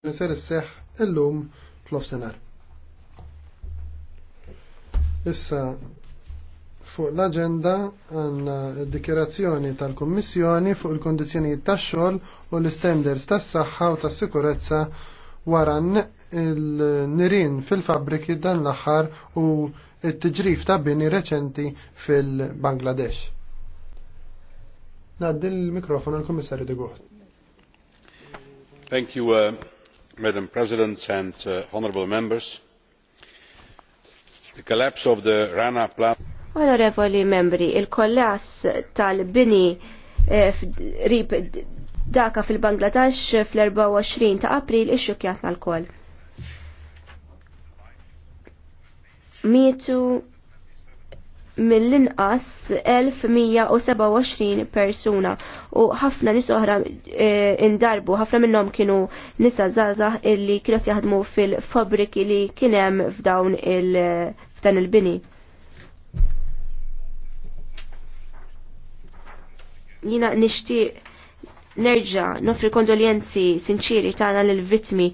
li ser isseħ illum plof senar. Issa fuq l-agenda għanna dikjerazzjoni tal-Kommissjoni fuq il kondizjoni tax-xogħol u l-standards tas-saħħa u tas-sikurezza wara il-nirin fil-fabriki dan l-aħħar u t-tiġrif ta' bini reċenti fil-Bangladesh. Naddil il mikrofon għal-Kommissarju Thank you, uh madam president and uh, honourable members the collapse of the rana plaza Onorevoli membri, il-kollass tal-bini eh, rib daka fil-Bangladesh fl-24 ta' april ixxukjatna l-koll. Mietu mill-inqas 1127 persuna u ħafna nis oħra e, indarbu, ħafna minnhom kienu nisa żgħażagħ illi kienu jaħdmu fil-fabriki li kien hemm f'dawn il f'dan il-bini. Jina nixtieq nerġa' nofri kondoljenzi sinċiri tagħna lill-vittmi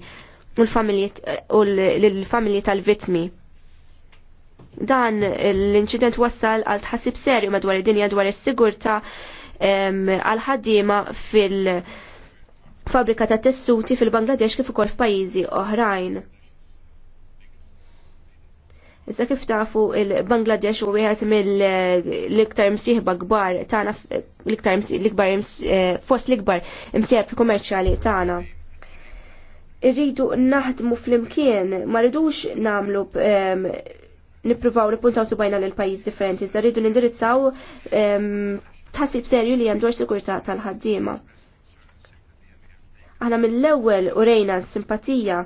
u l-familji tal-vittmi. Dan l-inċident wassal għal tħassib serju madwar id-dinja dwar is-sigurta għal ħaddiema fil- fabrika ta' tessuti fil-Bangladesh kif ukoll f'pajjiżi oħrajn. Issa kif tafu il-Bangladesh u wieħed mill-iktar msieħba kbar tagħna l-iktar l-ikbar eh, fost l-ikbar imsieħb kummerċjali tagħna. Irridu naħdmu fl-imkien, ma rridux nagħmlu nippruvaw nippuntaw subajna l pajjiż differenti, iżda rridu nindirizzaw tħassib serju li hemm dwar sikurtà tal-ħaddiema. Aħna mill-ewwel urejna simpatija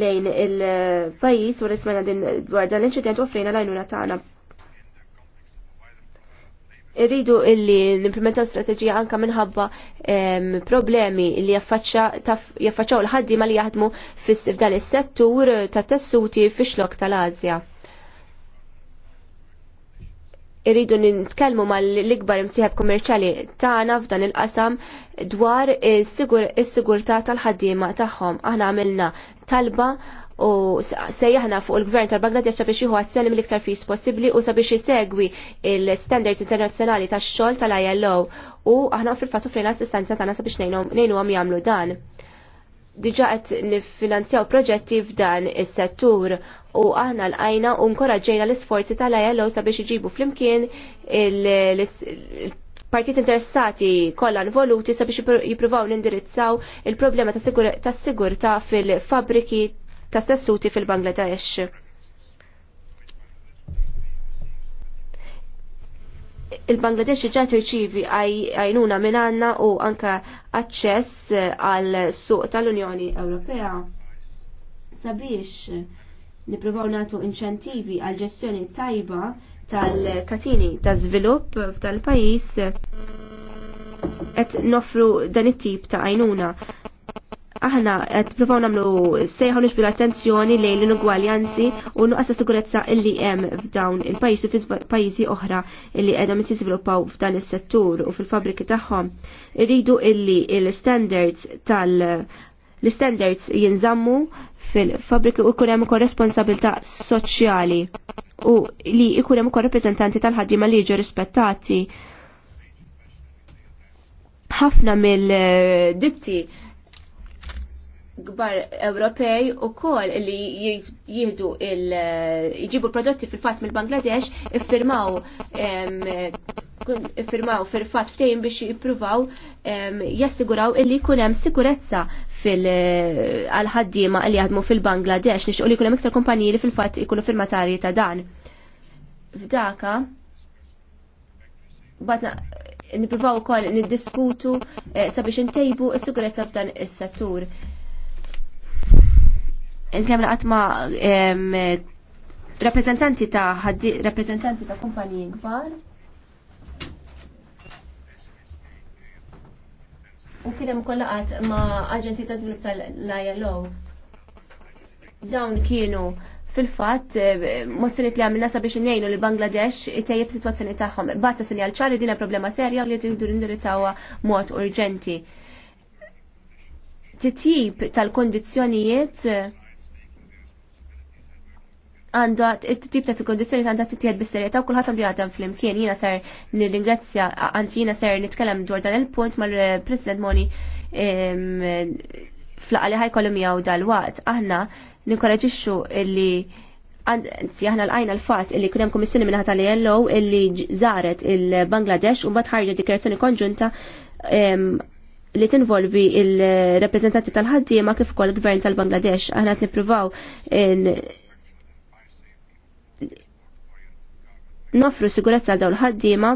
lejn il-pajjiż u nismajna din dwar dan l-inċident u frejna l-għajnuna tagħna irridu illi nimplementaw strategija anka minħabba problemi li jaffaċċaw l ħaddima li jaħdmu f'dan is-settur ta' tessuti fix-xlok tal-Azja irridu nitkellmu mal-ikbar imsieħeb kummerċali tagħna f'dan il-qasam dwar is-sigurtà tal-ħaddiema tagħhom. Aħna għamilna talba u sejjaħna fuq il-gvern tal-Bangladesh sabiex jieħu azzjoni mill-iktar fis possibbli u sabiex jisegwi il-standards internazzjonali tax-xogħol tal-ILO u aħna fil-fatt offrejna assistenza tagħna sabiex ngħinuhom jagħmlu dan diġa qed niffinanzjaw proġetti f'dan is-settur u aħna l ajna u nkoraġġejna l-isforzi tal-ILO sabiex iġibu flimkien il-partijiet interessati kollha involuti sabiex jippruvaw nindirizzaw il-problema tas-sigurtà fil-fabriki tas sessuti fil-Bangladesh il-Bangladesh ġa irċivi għajnuna minn għanna u anka aċċess eh, għal suq tal-Unjoni Ewropea. Sabiex niprovaw natu inċentivi għal ġestjoni tajba tal-katini ta' żvilupp tal-pajis qed eh, nofru dan it-tip ta' għajnuna aħna qed provaw nagħmlu sejħu nixbu l-attenzjoni lejn l-inugwaljanzi u nuqqas ta' sigurezza illi hemm f'dawn il-pajjiż u pajjiżi oħra illi qegħda jiżviluppaw f'dan is-settur u fil-fabriki tagħhom. Irridu illi l-standards tal- l-standards jinżammu fil-fabriki u jkun hemm ukoll responsabilità soċjali u li jkun hemm ukoll rappreżentanti tal-ħaddiema li jiġu rispettati ħafna mill-ditti gbar Ewropej u kol li jihdu il jġibu prodotti fil-fat mill-Bangladesh iffirmaw iffirmaw fil-fat ftejn biex jippruvaw jassiguraw illi kunem sikurezza fil-ħaddima li jaħdmu fil-Bangladesh nix u li kunem iktar kompanji li fil-fat ikunu firmatari ta' dan. F'daka, batna nipruvaw kol niddiskutu eh, sabiex intejbu s-sigurezza f'dan is-settur. Nkemmel ma rappresentanti ta' ħaddi rappresentanti ta' kumpaniji kbar. U kien hemm kollaqat ma' aġenti ta' żvilupp tal-ILO. Dawn kienu fil-fatt mozzjonijiet li għamilna sabiex ngħinu li Bangladesh tejjeb sitwazzjoni tagħhom. Batta sinjal ċari dina problema serja u li tridu indirizzawha mod urġenti. Titjib tal-kondizzjonijiet għandu t-tip ta' kondizjoni għandha t-tiet bis-serjetà u kulħadd għandu jgħadem fl-imkien jiena ser nirringrazzja anzi jiena ser nitkellem dwar dan il-punt mal-President Moni flaqa li ħajkollhom jgħu dal-waqt. Aħna nikkoraġixxu illi anzi aħna l-għajna l fat illi kunem komissjoni minnaħat tal ILO illi żaret il-Bangladesh u mbagħad ħarġet dikjerazzjoni konġunta li tinvolvi il-reprezentanti tal-ħaddiema kif ukoll gvern tal-Bangladesh. Aħna qed nippruvaw nofru sigurezza għal dawn l-ħaddiema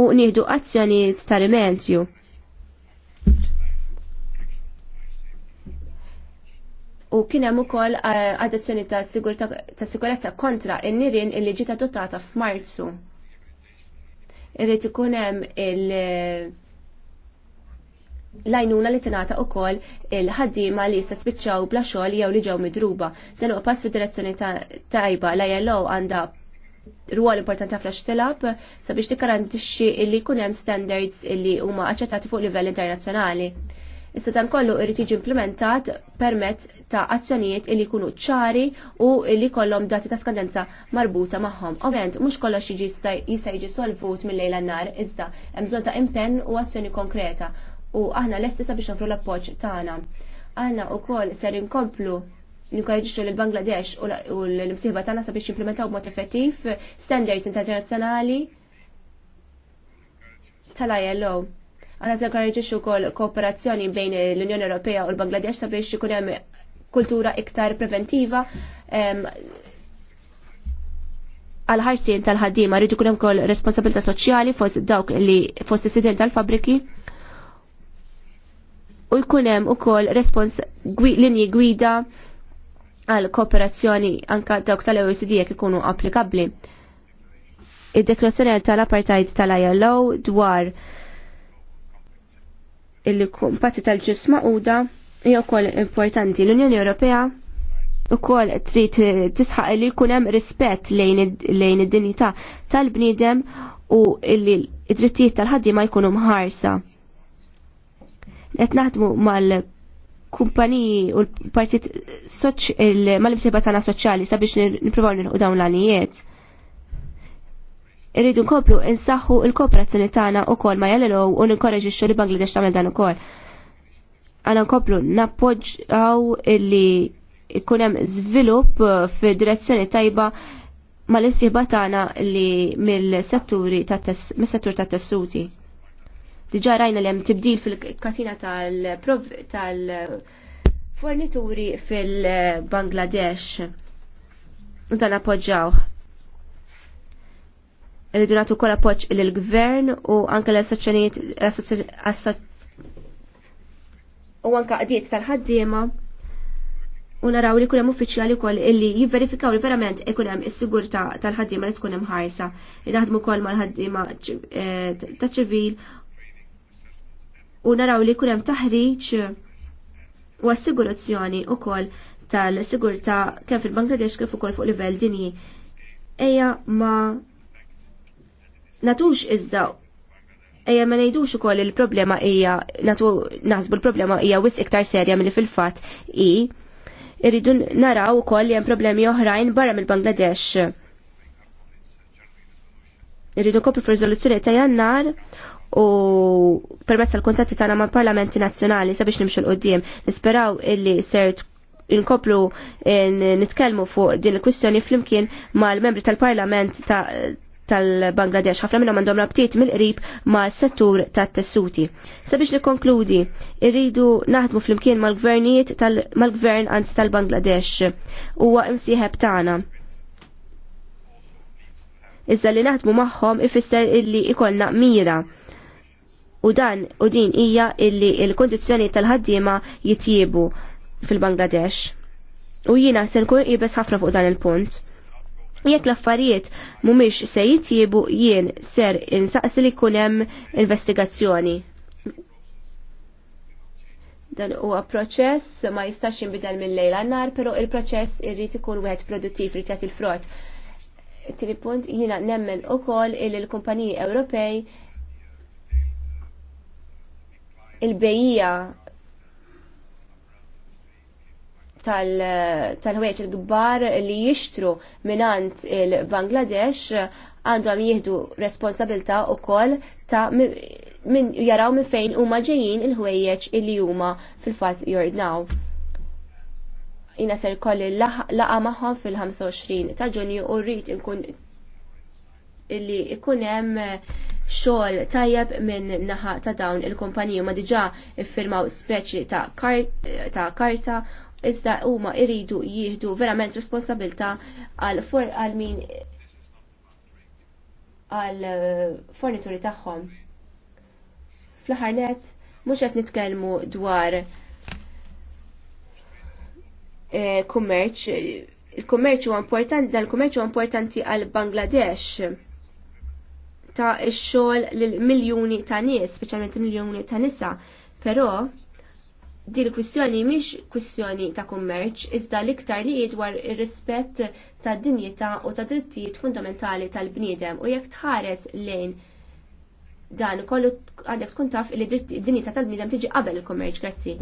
u nieħdu azzjonijiet ta' rimedju. U kien hemm ukoll eh, adozzjoni ta' sigurezza kontra in nirien illi ġiet adottata f'Marzu. Irrid ikun hemm il-, il lajnuna li tingħata wkoll il-ħaddiema li jista' spiċċaw bla xogħol jew li ġew midruba. Dan huwa pass fid-direzzjoni tajba la jellow għandha rwol importanti ħafna x'tilab sabiex tikkarantixxi li jkun hemm standards li huma aċċettati fuq livell internazzjonali. Issa dan kollu irid jiġi implementat permezz ta' azzjonijiet li jkunu ċari u li kollhom dati ta' skadenza marbuta magħhom. Ovvjament mhux kollox jiġi jista' jiġi solvut mill-lejl nar iżda hemm bżonn ta' impenn u azzjoni konkreta u aħna l-estisa biex nofru l-appoċ tagħna. Aħna wkoll ser inkomplu ninkoraġġu l bangladesh u l-imsieħba tagħna sabiex jimplementaw b'mod effettiv standards internazzjonali tal-ILO. Aħna se nkoraġġu wkoll kooperazzjoni bejn l-Unjoni Ewropea u l-Bangladesh sabiex ikun hemm kultura iktar preventiva għal-ħarsien tal ħaddim rridu kunem kol responsabilta soċjali fost dawk li fost is-sident tal-fabriki u jkun hemm ukoll respons linji gwida għal kooperazzjoni anka dawk tal-OECD jek ikunu applikabbli. Id-deklarazzjoni tal-apartheid tal-ILO dwar il-kumpati tal-ġisma da hija wkoll importanti. L-Unjoni Ewropea ukoll trid tisħaq li jkun hemm rispett lejn id-dinjità tal-bniedem u li id-drittijiet tal-ħaddiema jkunu mħarsa qed naħdmu mal-kumpaniji u l-partit mal-imsiba tagħna soċjali sabiex nippruvaw nilħu dawn l-għanijiet. Irridu nkomplu insaħħu l-kooperazzjoni tagħna wkoll ma jalilow u ninkoraġixxu li Bangladesh tagħmel dan ukoll. Għana nkomplu nappoġġaw illi jkun hemm żvilupp fid-direzzjoni tajba mal-imsiba tagħna li mill-setturi tat-tessuti. Diġa rajna li hemm tibdil fil-katina tal-fornituri tal fil-Bangladesh. U dan appoġġaw. Irridu nagħtu wkoll appoġġ lill-gvern u anke l-assoċjonijiet u anke qdiet tal-ħaddiema u naraw li kunem uffiċjali kol illi jivverifikaw li verament ikun hemm is-sigurtà tal-ħaddiema li tkun hemm ħarsa. Naħdmu kol mal-ħaddiema eh, ta' ċivil u naraw li kunem taħriġ u assigurazzjoni u kol tal-sigurta kemm fil-Bangladesh kif ukoll fuq livell dinji. Ejja ma natux iżda Ejja ma ngħidux ukoll il-problema hija natu nasbu l-problema hija wis iktar serja milli fil-fatt i irridu naraw ukoll li hemm problemi oħrajn barra mill-Bangladesh. Irridu kopri f'riżoluzzjoni ta' jannar u permezz tal-kuntatti tagħna mal parlamenti nazzjonali sabiex nimxu l-qudiem. Nisperaw illi ser inkoplu eh, nitkellmu fuq din il-kwistjoni flimkien mal-membri tal-parlament tal-Bangladesh. Ħafna minnhom għandhom rabtiet mill-qrib ma' settur tat-tessuti. Sabiex nikkonkludi, irridu naħdmu flimkien mal-gvernijiet mal-gvern anzi tal-Bangladesh huwa imsieħeb tagħna iżda li naħdmu magħhom ifisser illi ikollna mira u dan u din hija illi il-kondizjoni tal-ħaddiema jitjiebu fil-Bangladesh. U jina se nkun jibes ħafna fuq dan il-punt. Jekk l-affarijiet mhumiex se jitjiebu jien ser insaqsi li jkun hemm investigazzjoni. Dan huwa proċess ma jistax jinbidel mill-lejla nar, però il-proċess irrid ikun wieħed produttiv rid jagħti il-frott. Tili punt jina nemmen ukoll il l-kumpaniji Ewropej il-bejja tal-ħwejġ tal il-gbar li jixtru minant il-Bangladesh għandhom jihdu responsabilta u koll ta' min jaraw minn fejn huma ġejjin il-ħwejjeġ illi huma fil-fatt jordnaw. Jina ser kolli laqa magħhom fil-25 ta' Ġunju u rrid inkun illi ikun hemm xogħol tajjeb minn naħa ta' dawn il-kumpaniji ma diġà iffirmaw speċi ta' karta iżda huma jridu jieħdu verament responsabilta għal għal min għal eh, fornituri tagħhom. Fl-aħħar net mhux qed nitkellmu dwar eh, kummerċ. Il-kummerċ huwa importanti, dan il-kummerċ huwa importanti għal Bangladesh ta' xogħol l miljuni ta' nies, specialment miljuni ta' nisa, però din kwistjoni miex kwistjoni ta' kummerċ, iżda l-iktar li dwar ir-rispett ta' dinjità u ta' drittijiet fundamentali tal-bniedem u jekk tħares lejn dan kollu għadek tkun taf li dinjeta tal-bniedem tiġi qabel il-kummerċ. Grazzi.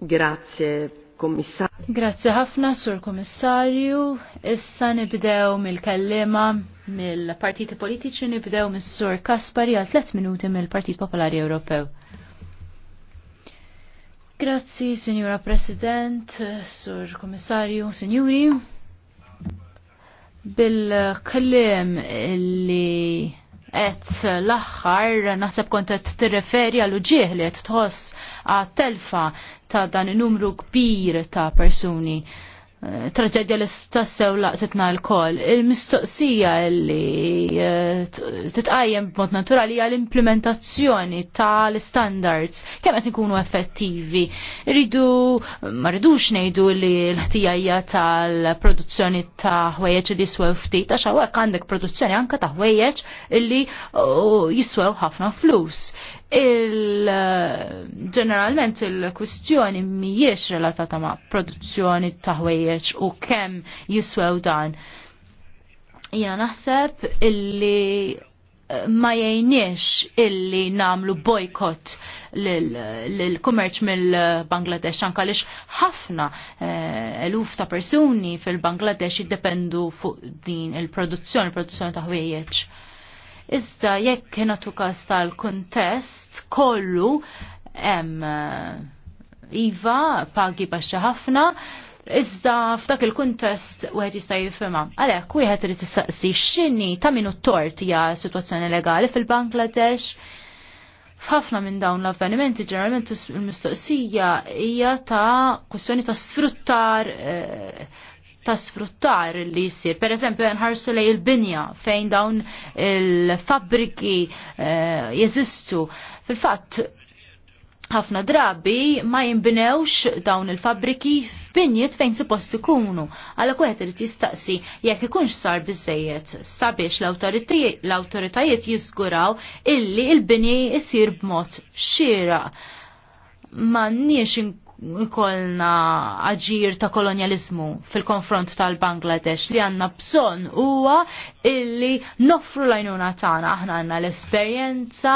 Grazie, Kommissar. Grazie ħafna, Sur Kommissarju. Issa nibdew mill-kellima mill-partiti politiċi nibdew mis-sur Kaspari għal 3 minuti mill-Partit Popolari Ewropew. Grazzi, Signora President, Sur Komissarju, Signori. Bil-kellim li et l-axħar naħseb kontet t-referi għal uġieħ li et tħoss għat-telfa ta' dan numru kbir ta' persuni traġedja li stassew laqtitna l-kol. Il-mistoqsija li eh, titqajjem b'mod naturali għal implementazzjoni tal-standards kemm qed ikunu effettivi. Ridu ma rridux ngħidu li l-ħtijajja tal-produzzjoni ta' ħwejjeġ li jiswew ftit għax hawnhekk għandek produzzjoni anke ta' ħwejjeġ li jiswew ħafna flus il-ġeneralment eh, il-kwistjoni mhijiex relatata ma' produzzjoni ta' ħwejjeġ u kemm jiswew dan. Jiena naħseb illi eh, ma jajniex illi namlu bojkot l-kummerċ mill-Bangladesh anka lix ħafna eh, eluf ta' persuni fil-Bangladesh jiddependu fuq din il-produzzjoni, il-produzzjoni ta' ħwejjeġ. Iżda jekk nagħtu każ tal-kuntest kollu em, eh, iva pagi baxa ħafna, iżda f'dak il-kuntest wieħed jista' jifhimha. Għalhekk wieħed irid issaqsi xinni ta' minu t-tort hija sitwazzjoni legali fil-Bangladesh. F'ħafna minn dawn l-avvenimenti ġeneralment il-mistoqsija hija ta' kwestjoni ta' sfruttar eh, ta' sfruttar li jisir. Per eżempju, nħarsu lej il-binja fejn dawn il-fabriki eh, jeżistu. Fil-fatt, ħafna drabi ma jimbinewx dawn il-fabriki f'binjiet fejn suppost ikunu. Għalla kweħet irid jistaqsi jekk ikunx sar biżejjed sabiex l-awtoritajiet jiżguraw illi il-binji jisir b'mod xieraq. Ma nniex kolna aġir ta' kolonializmu fil-konfront tal-Bangladesh li għanna bżon huwa illi nofru lajnuna tagħna aħna għanna l-esperjenza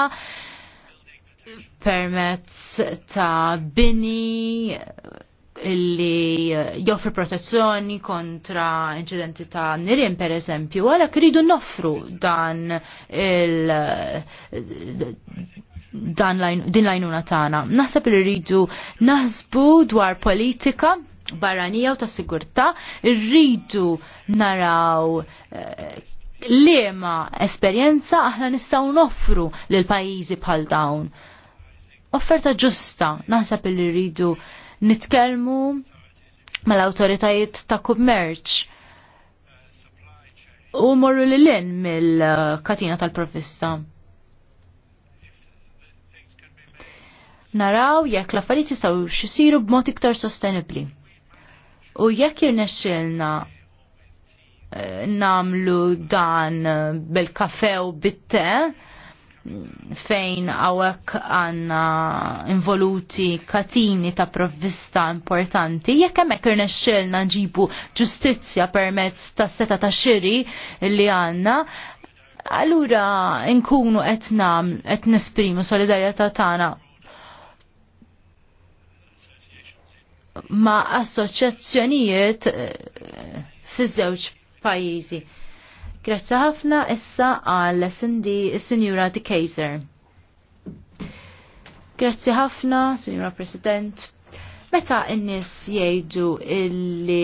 permezz ta' bini illi joffri protezzjoni kontra incidenti ta' nirien per eżempju, għalek rridu noffru dan il dan lajn, din lajnuna tagħna. Naħseb li rridu naħsbu dwar politika barranija u ta' sigurtà, rridu naraw eh, liema esperjenza aħna nistgħu noffru lil pajjiżi bħal dawn. Offerta ġusta, naħseb li rridu nitkellmu mal-awtoritajiet ta' kummerċ u morru li l-in mill-katina tal profista naraw jekk l-affarijiet jistgħu xisiru b'mod iktar sostenibbli. U jekk jirnexxielna eh, namlu dan eh, bil-kafe u bit-te, fejn hawnhekk għandna involuti katini ta' provvista importanti, jekk hemmhekk irnexxilna nġibu ġustizzja permezz ta' seta ta' xiri li għandna, allura nkunu qed qed nesprimu solidarjetà tagħna ma' assoċjazzjonijiet eh, fi żewġ pajjiżi. Grazzi ħafna issa għal Cindy Sinjura De Kaiser. Grazzi ħafna, Sinjura President meta n-nis jgħidu li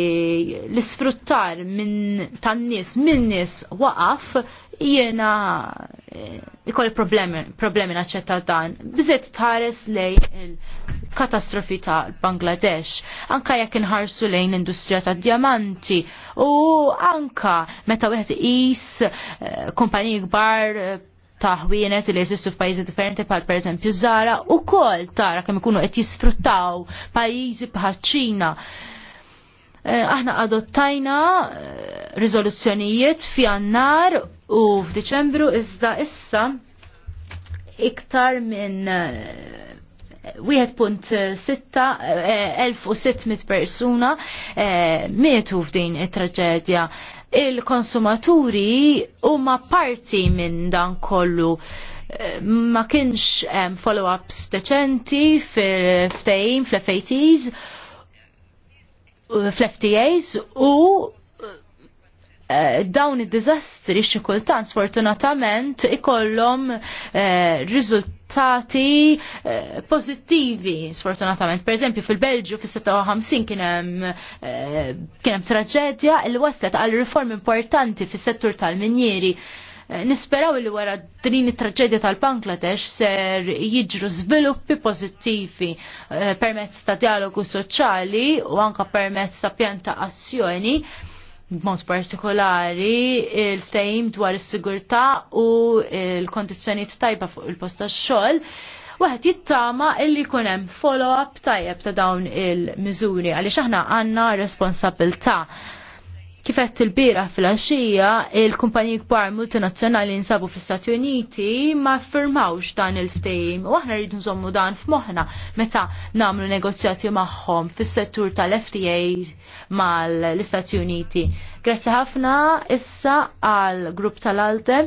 l-isfruttar minn tan-nis minn nis waqaf jiena eh, ikolli problemi, problemi naċċetta dan. Biżiet tħares lej il-katastrofi ta' Bangladesh, anka jekk inħarsu lejn industrija ta' diamanti u anka meta wieħed is eh, kumpaniji kbar eh, ta' ħwienet li jeżistu f'pajjiżi differenti bħal pereżempju Zara u kol tara kemm ikunu qed jisfruttaw pajjiżi bħal Ċina aħna adottajna rizoluzzjonijiet fi għannar U f'Diċembru iżda issa iktar minn 1.6 eh, eh, persuna eh, mietu f'din it-traġedja. Il-konsumaturi huma parti minn dan kollu ma kienx um, follow-ups deċenti fil-ftejn, fl-FATs, fl-FTAs u Eh, dawn id-dizastri xi kultant sfortunatament ikollhom eh, riżultati eh, pożittivi sfortunatament. Per eżempju fil-Belġu fis-56 kien hemm eh, kien hemm traġedja li waslet għal riform importanti fis-settur tal-minjieri. nisperaw li wara din it-traġedja tal-Bangladesh ser jiġru sviluppi pożittivi permezz ta' dialogu soċjali u anka permezz ta' pjanta azzjoni b'mod partikolari il fejm dwar is-sigurtà u l-kondizzjonijiet tajba fuq il-post tax-xogħol, waħed jittama illi jkun hemm follow-up tajjeb ta' dawn il-miżuri għaliex aħna għandna responsabilità Kifett il-bira fil-axija, il-kumpanji kbar multinazzjonali nsabu fil-Stati Uniti ma firmawx dan il-ftejim u aħna rridu nżommu dan f'moħna meta namlu negozjati maħħom fil-settur tal-FTA mal-Istati Uniti. Grazzi ħafna issa għal-grupp tal-Alte,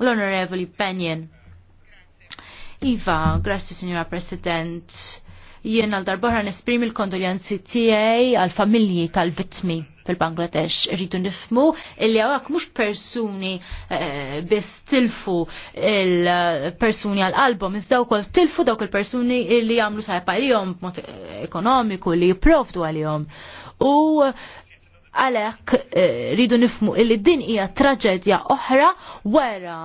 l-Onorevoli Penjen. Iva, grazie Signora President. Jien għal darbohra nesprimi l-kondoljanzi tiegħi għal familji tal-vittmi fil-Bangladesh rridu nifmu illi għawak mux persuni uh, biss tilfu il-persuni għal-album, izdaw kol tilfu dawk il-persuni illi għamlu sajpa għal-jom eh, ekonomiku li jiprofdu għal-jom. U għalek eh, rridu nifmu illi din hija traġedja oħra wara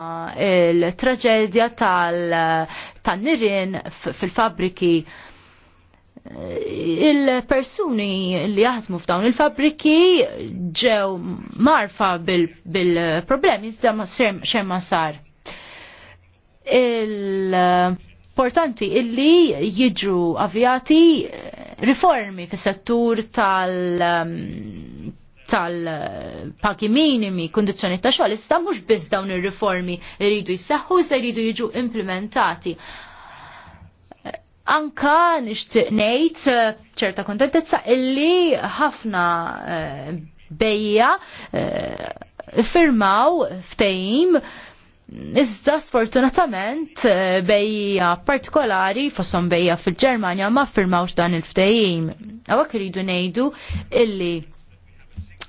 il-traġedja tal-nirien fil-fabriki tal il-persuni li jaħdmu f'dawn il-fabriki ġew marfa bil-problemi iżda ma ma sar. Il-portanti illi jiġu avjati riformi fis settur tal- um, tal-pagi minimi, kondizjoni ta' xoħal, istamux mhux biss dawn ir-riformi li jridu jseħħu se jridu jiġu implementati Anka nixtieq ngħid eh, ċerta kontentezza illi ħafna eh, bejja eh, firmaw ftehim Iżda sfortunatament bejja partikolari fosom bejja fil-Ġermanja ma firmawx dan il-ftehim. Għawak rridu ngħidu illi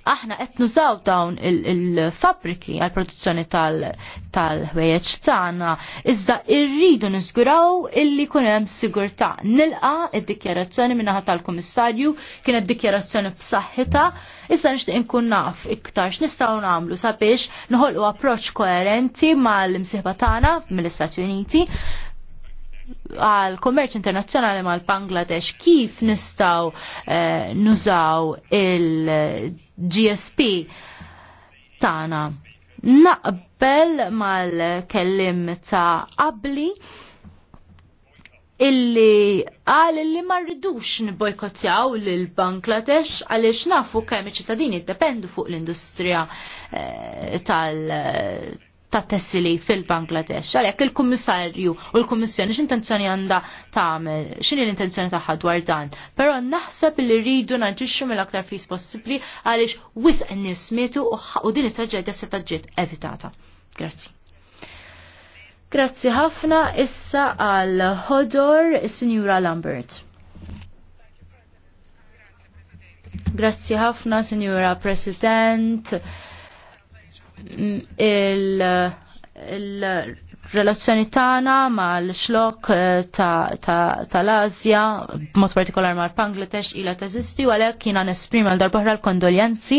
aħna qed nużaw dawn il-fabriki għal produzzjoni tal-ħwejjeġ tagħna, iżda rridu niżguraw illi kun hemm sigurtà. Nilqa' id-dikjarazzjoni naħa tal-Kummissarju kienet dikjarazzjoni b'saħħitha, issa nixtieq inkun naf iktar x'nistgħu nagħmlu sabiex noħolqu approċċ koerenti mal-imsieħba tagħna mill-Istati Uniti għal kommerċ internazzjonali mal Bangladesh kif nistaw eh, nużaw il-GSP tana. Naqbel mal-kellim ta' qabli illi għal illi marridux nibojkotjaw l-Bangladesh għalix nafu kemm iċ-ċittadini dependu fuq l-industrija eh, tal- ta' tessili fil-Bangladesh. Għalhekk il-Kummissarju u l-Kummissjoni x'intenzjoni għandha tagħmel, x'inhi l-intenzjoni tagħha dwar dan. Però naħseb li rridu naġixxu mill-aktar fis possibbli għaliex wisq nismietu u din it-traġedja se ġiet evitata. Grazzi. Grazzi ħafna issa għal Hodor is-Sinjura Lambert. Grazzi ħafna, Sinjura President il-relazzjoni il tagħna mal-xlok tal eh, azja ta, ta b'mod partikolar mal-Bangladesh ilha teżisti u għalhekk jiena nesprima l darbohra l-kondoljenzi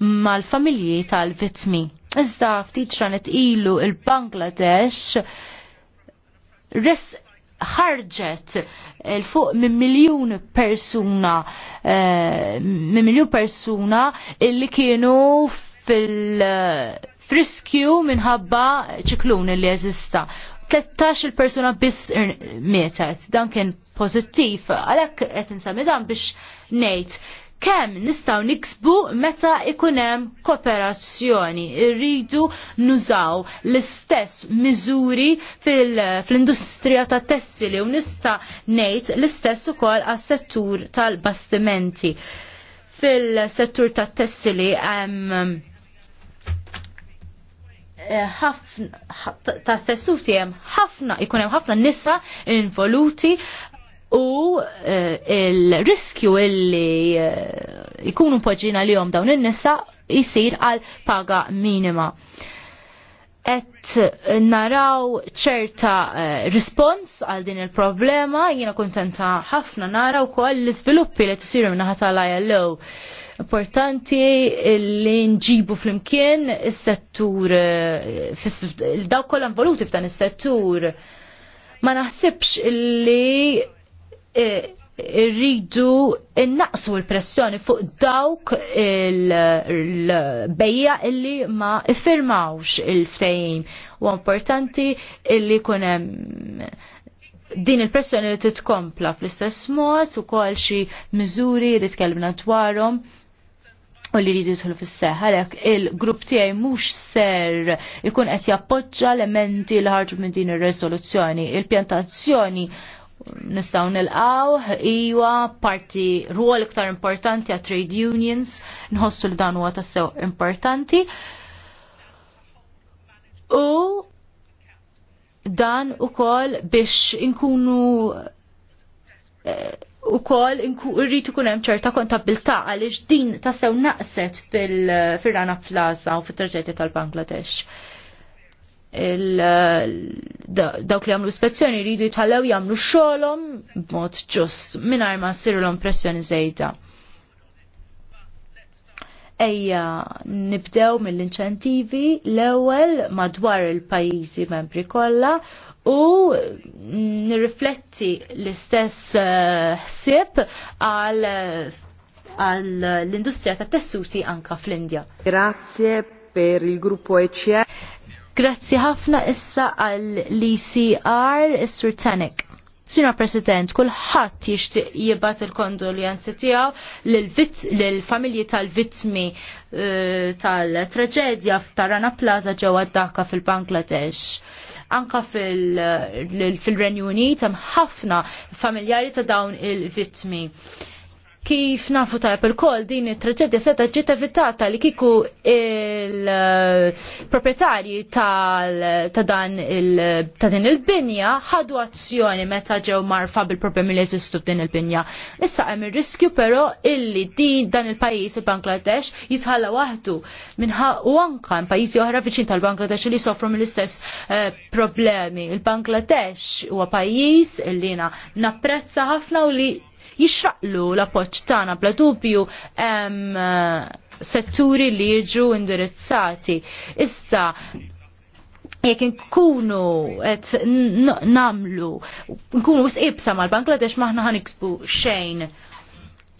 mal-familji tal-vitmi. Iżda ftit xanet ilu il-Bangladesh res ħarġet il-fuq minn miljun persuna eh, minn miljun persuna illi kienu fil-friskju minħabba ċiklun li jeżista. 13 il-persuna biss mietet, dan kien pozittiv, għalhekk qed nsemmi dan biex ngħid kemm nistgħu niksbu meta ikun hemm kooperazzjoni. Irridu nużaw l-istess miżuri fl-industrija tat tessili u nista' ngħid l-istess ukoll għas-settur tal-bastimenti. Fil-settur tat tessili hemm ta' tessuti tiegħem ħafna ikun hemm ħafna nisa involuti u eh, il-riskju illi jkunu eh, poġġina li jom dawn in-nisa jisir għal paga minima. Et naraw ċerta eh, rispons għal din il-problema, jiena kontenta ħafna naraw kol l-izviluppi li t-siru minna ħata l-ILO Importanti li nġibu flimkien il settur eh, il-dawk kollha involuti f'dan is-settur. Ma naħsibx li eh, irridu innaqsu l-pressjoni fuq dawk il-bejja illi ma firmawx il-ftejim. U importanti illi kunem din il-pressjoni li titkompla fl-istess mod u kol xi miżuri li tkellimna dwarhom u li jridu jidħlu fis-seħħ għalhekk il-grupp tiegħi mhux ser ikun qed jappoġġa elementi li ħarġu minn din ir-resoluzzjoni. Il-pjantazzjoni nistaw nilqaw iwa parti ruol iktar importanti għat trade unions nħossu li dan huwa tassew importanti u dan ukoll biex inkunu eh, u kol rritu kunem hemm ċerta kontabilta għaliex din tassew naqset fil-Rana Plaza u fit-traġedja tal-Bangladesh. Dawk li għamlu ispezzjoni rridu jitħallew jagħmlu xogħolhom b'mod ġust mingħajr ma ssiru l-impressjoni żejda. Ejja nibdew mill-inċentivi l-ewwel madwar il-pajjiżi membri kollha u nirrifletti l-istess eh, ħsieb għal għal l-industrija ta' tessuti anka fl-Indja. Grazie per il gruppo ECR. Grazie ħafna issa għal l-ECR Sur Tanik. Sina President, kullħat jishtiq jibat il-kondoljanzi tijaw l-familji tal-vitmi eh, tal-traġedja Rana Plaza ġewwa dakka fil-Bangladesh. Anka fil-Renju Unit hemm ħafna familjari ta' dawn il-vitmi. il vittmi il vitmi Kif nafu tajb il-kol din it-traġedja seta ġiet evitata li kiku il-proprietarji ta' dan ta' din il-binja ħadu azzjoni meta ġew marfa bil-problemi li jeżistu f'din il-binja. Issa hemm ir-riskju però illi din dan il-pajjiż il-Bangladesh jitħalla waħdu minħa u anka pajjiżi oħra viċin tal-Bangladesh li sofru mill-istess eh, problemi. Il-Bangladesh huwa pajjiż na napprezza ħafna u li jixxaqlu l-appoġġ tagħna bla dubju hemm setturi li jiġu indirizzati. Issa jekk nkunu et namlu nkunu sqibsa mal-Bangladesh maħna ħaniksbu xejn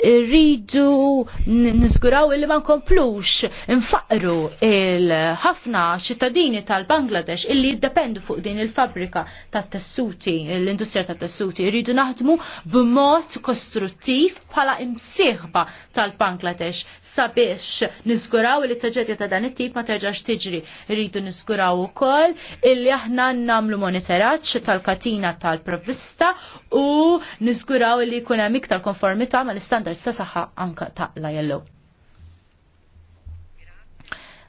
rridu nizguraw illi ma nkomplux nfaqru il-ħafna ċittadini tal-Bangladesh illi jiddependu fuq din il-fabrika tat tessuti, l-industrija tat tessuti, rridu naħdmu b'mod kostruttiv bħala imsieħba tal-Bangladesh sabiex nizguraw li traġedja ta' dan it-tip ma terġax tiġri. Rridu nizguraw ukoll illi aħna namlu monitoraġġ tal-katina tal-provvista u nizguraw illi jkun hemm iktar konformità l istan madar ta' saħħa anka taqla jellu.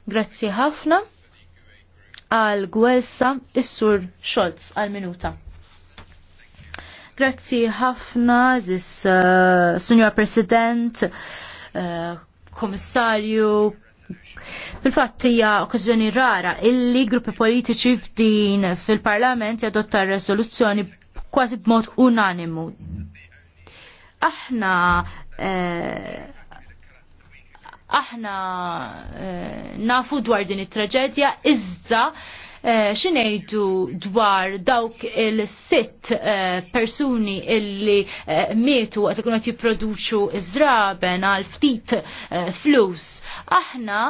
Grazzi ħafna għal Gwelsa Issur Scholz għal minuta. Grazzi ħafna, zis uh, Signor President, uh, Komissarju, Fil-fatt hija okkażjoni rara illi gruppi politiċi f'din fil-Parlament jadotta r-resoluzzjoni kważi b'mod unanimu. Aħna Eh, aħna eh, nafu dwar din it-traġedja iżda eh, xinejdu dwar dawk il-sitt persuni illi mietu għat ikunu jiproduċu izraben għal ftit flus. Aħna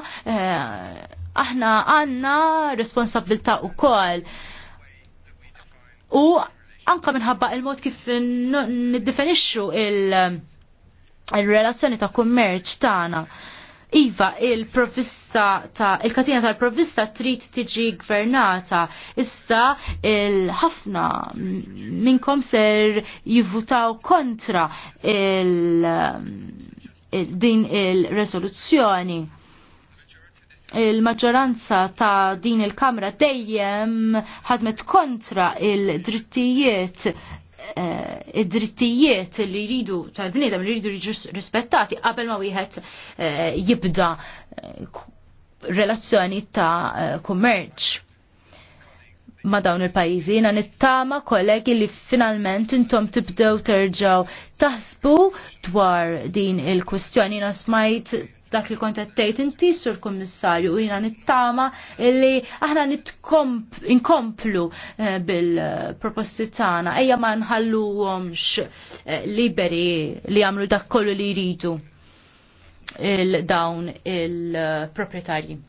aħna għanna responsabilta u kol. U anka minħabba il-mod kif niddefinixxu il-, -il il-relazzjoni ta' kummerċ tagħna. Iva, il-provista ta' il-katina tal-provista trid tiġi gvernata. Issa il-ħafna minnkom ser jivvutaw kontra il, din il-resoluzzjoni. Il-maġġoranza ta' din il-Kamra dejjem ħadmet kontra il-drittijiet Eh, id-drittijiet li jridu tal-bniedem li jridu jiġu rispettati qabel ma wieħed eh, jibda eh, relazzjoni ta' kummerċ ma dawn il-pajizi. Jina nittama kollegi li finalment intom tibdew terġaw taħsbu dwar din il-kwestjoni. Jina smajt dak li kontattejt inti sur kommissarju jina nittama li aħna nkomplu eh, bil-proposti tagħna ejja ma nħalluhomx għomx eh, liberi li għamlu dak kollu li jridu il-dawn il-proprjetarji. Eh,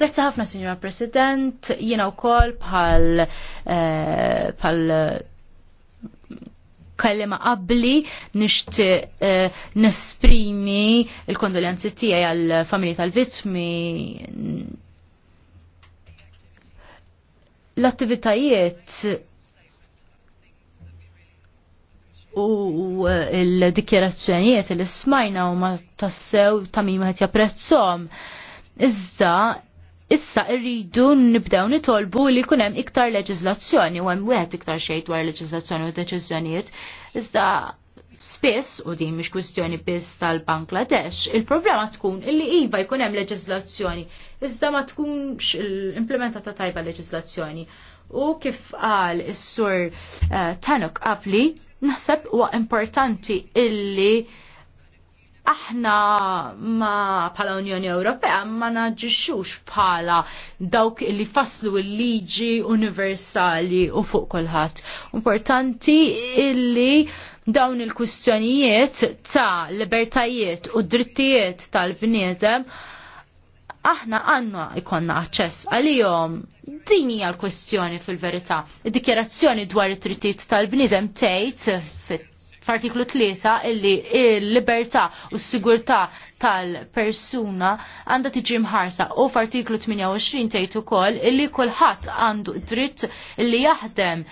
Grazzi ħafna, Signora President, jiena wkoll pal, eh, bħal kellima qabli nisht eh, nesprimi il-kondolenzi tiegħi għall familji tal-vittmi l-attivitajiet u l-dikjerazzjonijiet li smajna u ma tassew tamima għet japprezzom. Iżda issa irridu nibdew nitolbu li kunem hemm iktar leġizlazzjoni u hemm wieħed iktar xejn dwar leġiżlazzjoni u deċiżjonijiet. Iżda spiss u din mhix kwistjoni biss tal-Bangladesh, il-problema tkun illi iva jkun hemm leġizlazzjoni, iżda ma tkunx implementata tajba leġizlazzjoni. U kif qal is-sur uh, eh, Tanuk Apli, naħseb huwa importanti illi aħna ma bħala Unjoni Ewropea ma naġixxux bħala dawk li faslu l-liġi universali u fuq kulħadd. Importanti illi dawn il-kustjonijiet ta' libertajiet u drittijiet tal-bniedem aħna għanna ikonna aċċess għalijom din hija l-kwestjoni fil-verità. Id-dikjerazzjoni dwar it-trittijiet tal-bniedem tgħid f'artiklu 3 illi il-libertà u s-sigurtà tal-persuna għandha tiġi mħarsa u f'artiklu 28 tgħid ukoll illi kulħadd għandu dritt illi jaħdem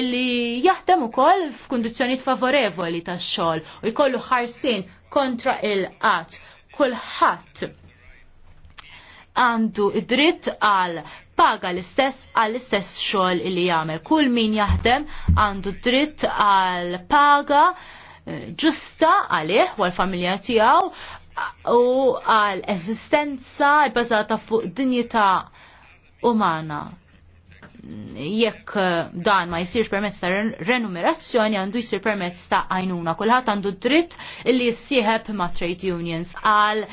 illi jaħdem ukoll f'kundizzjonijiet favorevoli tax-xogħol u jkollu ħarsin kontra il-qatt. Kulħadd għandu id dritt għal Paga l-istess għall-istess xogħol li jagħmel. Kull min jaħdem għandu dritt għal paga eh, ġusta għalih u għal-familja tiegħu u għal eżistenza bbażata fuq dinjità umana. Jekk eh, dan ma jsirx permezz ta' renumerazzjoni għandu jsir permezz ta' għajnuna. Kulħadd għandu dritt illi jissieħeb ma' trade unions għal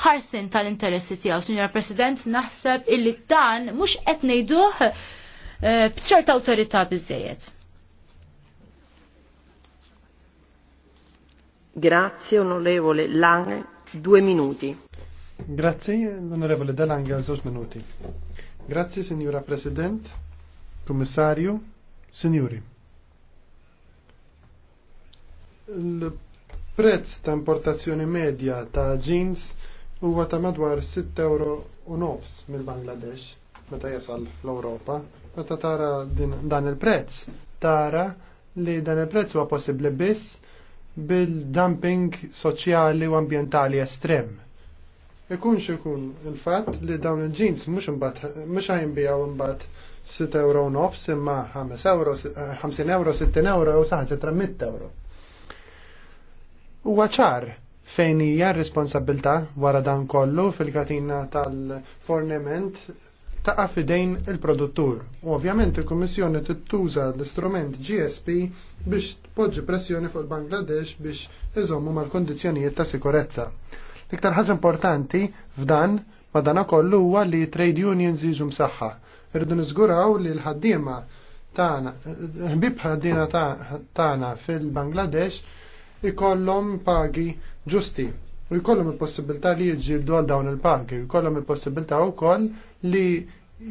ħarsin tal-interessi tiegħu. Sinjor President, naħseb illi dan mhux qed ngħiduh eh, b'ċerta awtorità biżejjed. Grazie onorevole Lange, due minuti. Grazie onorevole De Lange, żewġ minuti. Grazie Signora President, Kommissarju, Signori il-prezz ta' importazzjoni medja ta' jeans huwa ta' madwar 6 euro u nofs mill-Bangladesh meta jasal fl-Ewropa. Meta tara dan il-prezz, tara li dan il-prezz huwa possibbli biss bil-dumping soċjali u ambjentali estrem. Ikunx ikun il-fatt li dawn il-ġins mhux imbagħad mhux ħajnbijaw imbagħad 6 euro nofs imma 5 euro, 50 euro, 60 euro u saħan 6 euro. Huwa ċar fejn hija r wara dan kollu fil-katina tal-forniment taqa' fidejn il-produttur. U ovvjament il-Kummissjoni tittuża l-istrument GSP biex tpoġġi pressjoni fuq il-Bangladesh biex iżommu mal kondizjonijiet ta' sikurezza. L-iktar ħaġa importanti f'dan dan kollu huwa li trade unions jiġu msaħħa. Irridu niżguraw li l-ħaddiema tagħna, ħbib ħaddiema tagħna fil-Bangladesh ikollhom pagi ġusti u jkollhom il-possibilità li jiġġieldu għal dawn il-pagi, jkollhom il-possibilità wkoll li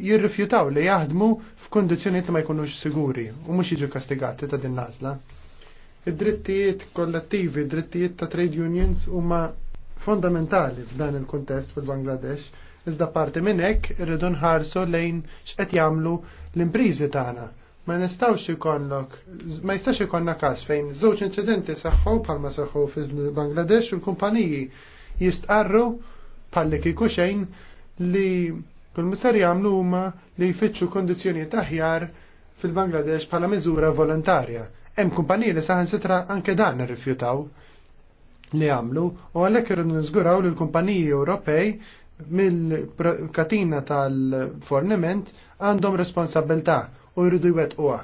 jirrifjutaw li jaħdmu f'kondizzjonijiet li ma jkunux siguri u mhux jiġu kastigati ta' din l-għażla. Id-drittijiet kollettivi, id-drittijiet ta' trade unions huma fondamentali f'dan il kuntest fil-Bangladesh, iżda parti minn hekk irridu nħarsu lejn x'qed jagħmlu l-imprizi tagħna ma nistawx ikollok, ma jistax ikonna kas fejn żewġ incidenti saħħu bħalma saħħu fil-Bangladesh u l-kumpaniji jistqarru bħalli kieku xejn li kull mister jagħmlu huma li jfittxu kondizzjonijiet aħjar fil-Bangladesh bħala miżura volontarja. Hemm kumpaniji li saħan sitra anke dan irrifjutaw li għamlu u għalhekk irridu niżguraw li l-kumpaniji Ewropej mill-katina tal-forniment għandhom responsabilta' u jridu jwettquha.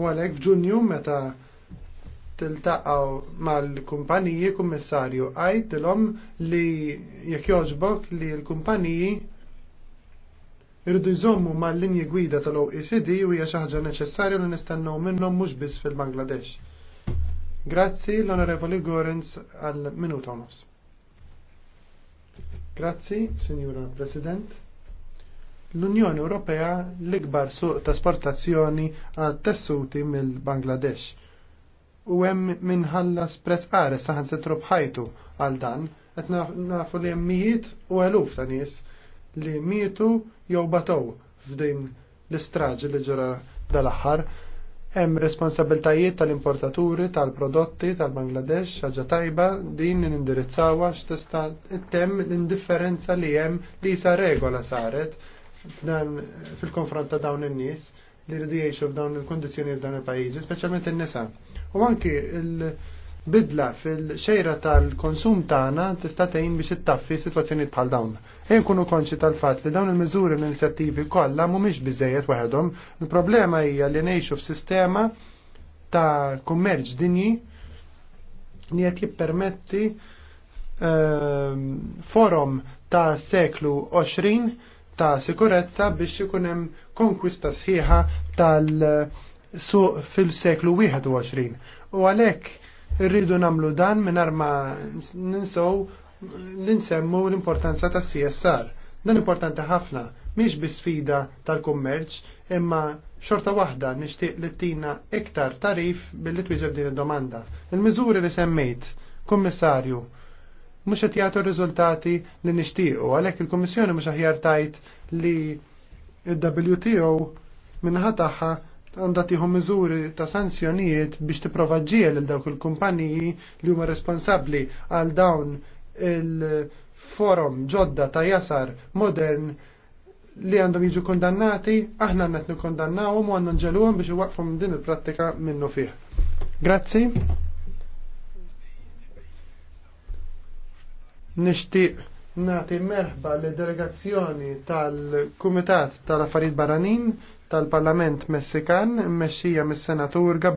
U għalhekk f'Ġunju meta tiltaqgħu mal-kumpaniji kummissarju għajtilhom li jekk jogħġbok li l-kumpaniji irridu jżommu mal-linji gwida tal-OECD u hija xi ħaġa neċessarja li nistennew minnhom mhux biss fil-Bangladesh. Grazzi l-Onorevoli Gorenz għal minuta nofs. Grazzi, Signora President. L-Unjoni Ewropea l-ikbar suq ta' esportazzjoni għal tessuti mill-Bangladesh. U hemm minħallas prezz qares saħan setru bħajtu għal dan, qed nafu li hemm mijiet u eluf ta' nies li mietu jew batow f'din l-istraġi li ġara dal-aħħar hemm responsabiltajiet tal-importaturi tal-prodotti tal-Bangladesh ħaġa tajba din nindirizzawa x'tista' tem l-indifferenza li hemm li sa regola saret f'dan fil-konfront ta' dawn in-nies li rridu jgħixu f'dawn il kondizjoni f'dan il-pajjiżi, speċjalment in-nisa. U anki il-bidla fil-xejra tal-konsum tagħna tista' tgħin biex ittaffi sitwazzjonijiet bħal dawn. Ejn nkunu konċi tal-fatt li dawn il-miżuri l-inizjattivi kollha mhumiex biżejjed waħedhom. Il-problema hija li ngħixu f'sistema ta' kummerġ dinji li qed jippermetti ehm, forum ta' seklu 20 ta' sikurezza biex ikun hemm konkwista sħiħa tal-suq fil-seklu 21. U għalhekk irridu nagħmlu dan mingħajr ma ninsow l-insemmu l-importanza tas CSR. Dan importanti ħafna, miex bisfida tal-kummerċ, imma xorta waħda nixtieq li tina iktar tarif billi twieġeb din id-domanda. Il-miżuri li semmejt, kummissarju, mhux qed jagħtu riżultati li nixtiequ għalhekk il-Kummissjoni mhux aħjar tajt li il-WTO minnaħa tagħha għandha tieħu miżuri ta' sanzjonijiet biex tipprova ġiel il dawk il-kumpaniji li huma responsabbli għal dawn il-forum ġodda ta' jasar modern li għandhom jiġu kondannati, aħna għandna nikondannawhom u għandna nġeluhom biex iwaqfhom din il-prattika minnu fih. Grazzi. Nixtieq nagħti merħba li delegazzjoni tal-Kumitat tal-Affarijiet Barranin tal-Parlament Messikan mmexxija mis-Senatur